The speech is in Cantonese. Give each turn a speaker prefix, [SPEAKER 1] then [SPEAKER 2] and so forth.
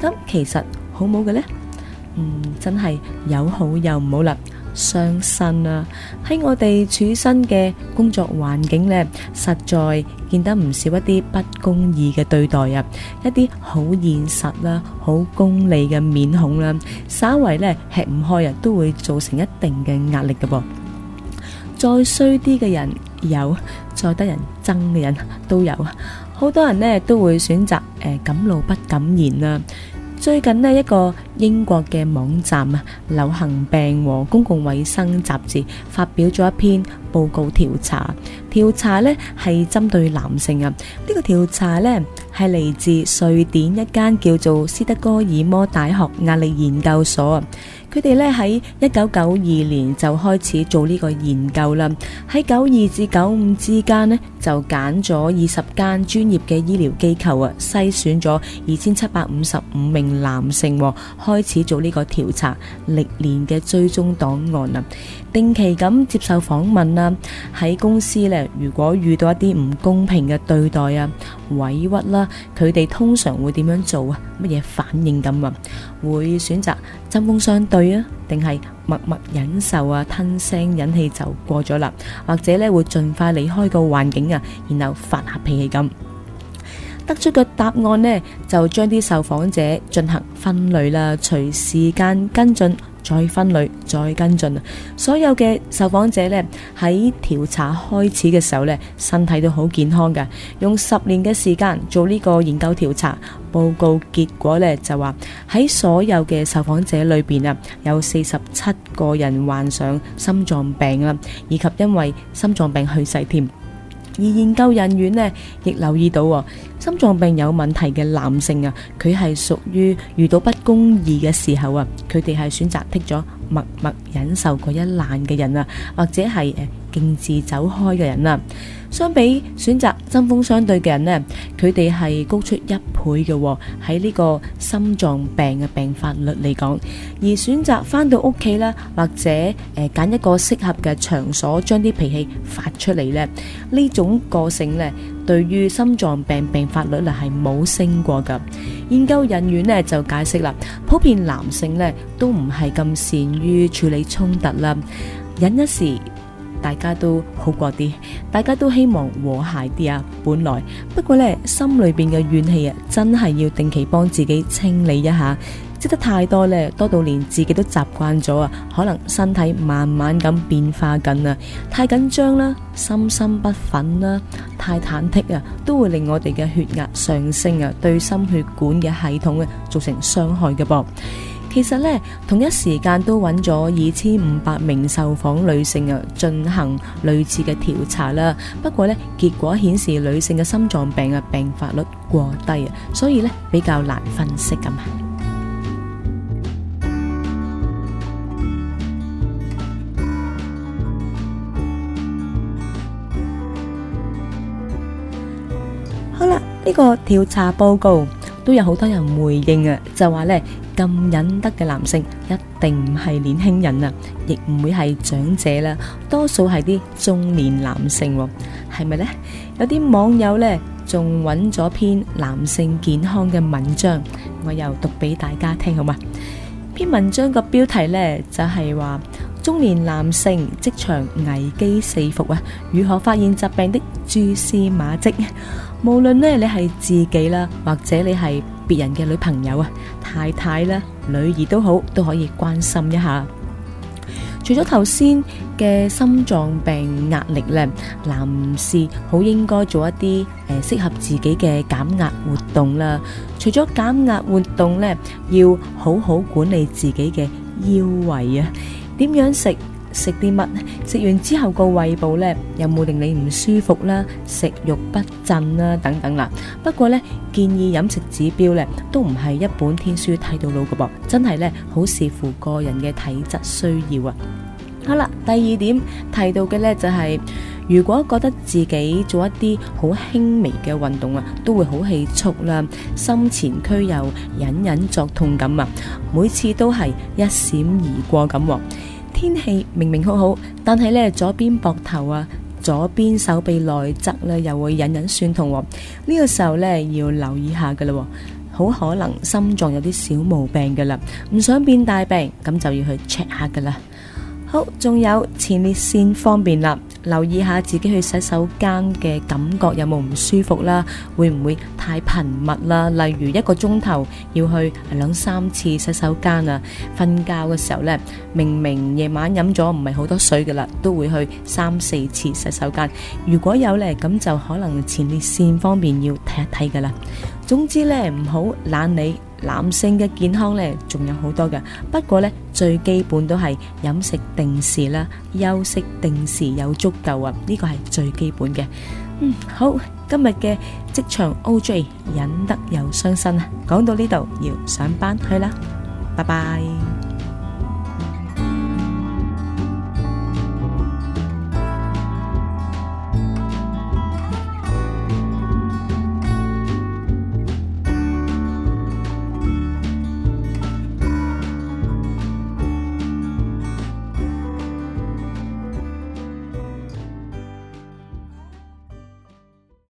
[SPEAKER 1] 咁其實好冇嘅咧，嗯，真係有好又唔好啦，傷身啦，喺我哋處身嘅工作環境咧，實在見得唔少一啲不公義嘅對待啊，一啲好現實啦，好功利嘅面孔啦，稍為咧吃唔開啊，都會造成一定嘅壓力嘅噃，再衰啲嘅人有，再得人憎嘅人都有。好多人咧都會選擇誒敢怒不敢言啦。最近咧，一個英國嘅網站流行病和公共衛生雜誌發表咗一篇報告調查，調查咧係針對男性啊。呢個調查咧係嚟自瑞典一間叫做斯德哥爾摩大學壓力研究所。佢哋咧喺一九九二年就開始做呢個研究啦，喺九二至九五之間呢就揀咗二十間專業嘅醫療機構啊，篩選咗二千七百五十五名男性，開始做呢個調查，歷年嘅追蹤檔案啊，定期咁接受訪問啊，喺公司呢，如果遇到一啲唔公平嘅對待啊。委屈啦，佢哋通常會點樣做啊？乜嘢反應咁啊？會選擇針鋒相對啊，定係默默忍受啊，吞聲忍氣就過咗啦？或者呢，會盡快離開個環境啊，然後發下脾氣咁？得出個答案呢，就將啲受訪者進行分類啦，隨時間跟進。再分類，再跟進。所有嘅受訪者呢，喺調查開始嘅時候呢，身體都好健康㗎。用十年嘅時間做呢個研究調查，報告結果呢就話喺所有嘅受訪者裏邊啊，有四十七個人患上心臟病啦，以及因為心臟病去世添。而研究人員呢，亦留意到，心臟病有問題嘅男性啊，佢係屬於遇到不公義嘅時候啊，佢哋係選擇剔咗默默忍受嗰一難嘅人啊，或者係誒，徑自走開嘅人啦，相比選擇針鋒相對嘅人咧，佢哋係高出一倍嘅喎。喺呢個心臟病嘅病發率嚟講，而選擇翻到屋企啦，或者誒揀一個適合嘅場所，將啲脾氣發出嚟咧，呢種個性咧，對於心臟病病發率咧係冇升過噶。研究人員咧就解釋啦，普遍男性咧都唔係咁善於處理衝突啦，忍一時。大家都好過啲，大家都希望和諧啲啊。本來不過呢，心裏邊嘅怨氣啊，真係要定期幫自己清理一下，積得太多呢，多到連自己都習慣咗啊。可能身體慢慢咁變化緊啊，太緊張啦，心心不忿啦，太忐忑啊，都會令我哋嘅血壓上升啊，對心血管嘅系統啊造成傷害嘅噃。其實呢，同一時間都搵咗二千五百名受訪女性啊，進行類似嘅調查啦。不過呢，結果顯示女性嘅心臟病嘅病發率過低啊，所以呢比較難分析咁啊。好啦，呢個調查報告。都有好多人回應啊，就話呢，咁忍得嘅男性一定唔係年輕人啊，亦唔會係長者啦，多數係啲中年男性，係咪呢？有啲網友呢仲搵咗篇男性健康嘅文章，我又讀俾大家聽好嘛？篇文章個標題呢就係話，中年男性職場危機四伏啊，如何發現疾病的蛛絲馬跡？無論呢你係自己啦，或者你係別人嘅女朋友啊、太太啦、女兒都好，都可以關心一下。除咗頭先嘅心臟病壓力呢，男士好應該做一啲誒適合自己嘅減壓活動啦。除咗減壓活動呢，要好好管理自己嘅腰圍啊。點樣食？食啲乜？食完之後個胃部呢，有冇令你唔舒服啦，食慾不振啦等等啦，不過呢，建議飲食指標呢，都唔係一本天書睇到老㗎喎，真係呢，好視乎個人嘅體質需要啊。天氣明明好好，但係咧左邊膊頭啊，左邊手臂內側咧又會隱隱酸痛，啊，呢、呢個時候咧要留意下噶啦，好可能心臟有啲小毛病噶啦，唔想變大病，咁就要去 check 下噶啦。好，仲有前列腺方面啦。留意下自己去洗手間嘅感覺有冇唔舒服啦，會唔會太頻密啦？例如一個鐘頭要去兩三次洗手間啊，瞓覺嘅時候呢，明明夜晚飲咗唔係好多水噶啦，都會去三四次洗手間。如果有呢，咁就可能前列腺方面要睇一睇噶啦。總之呢，唔好懶理。男性嘅健康呢，仲有好多嘅。不過呢。最基本都係飲食定時啦，休息定時有足夠啊，呢個係最基本嘅。嗯，好，今日嘅職場 OJ 忍得又傷身啊！講到呢度要上班去啦，拜拜。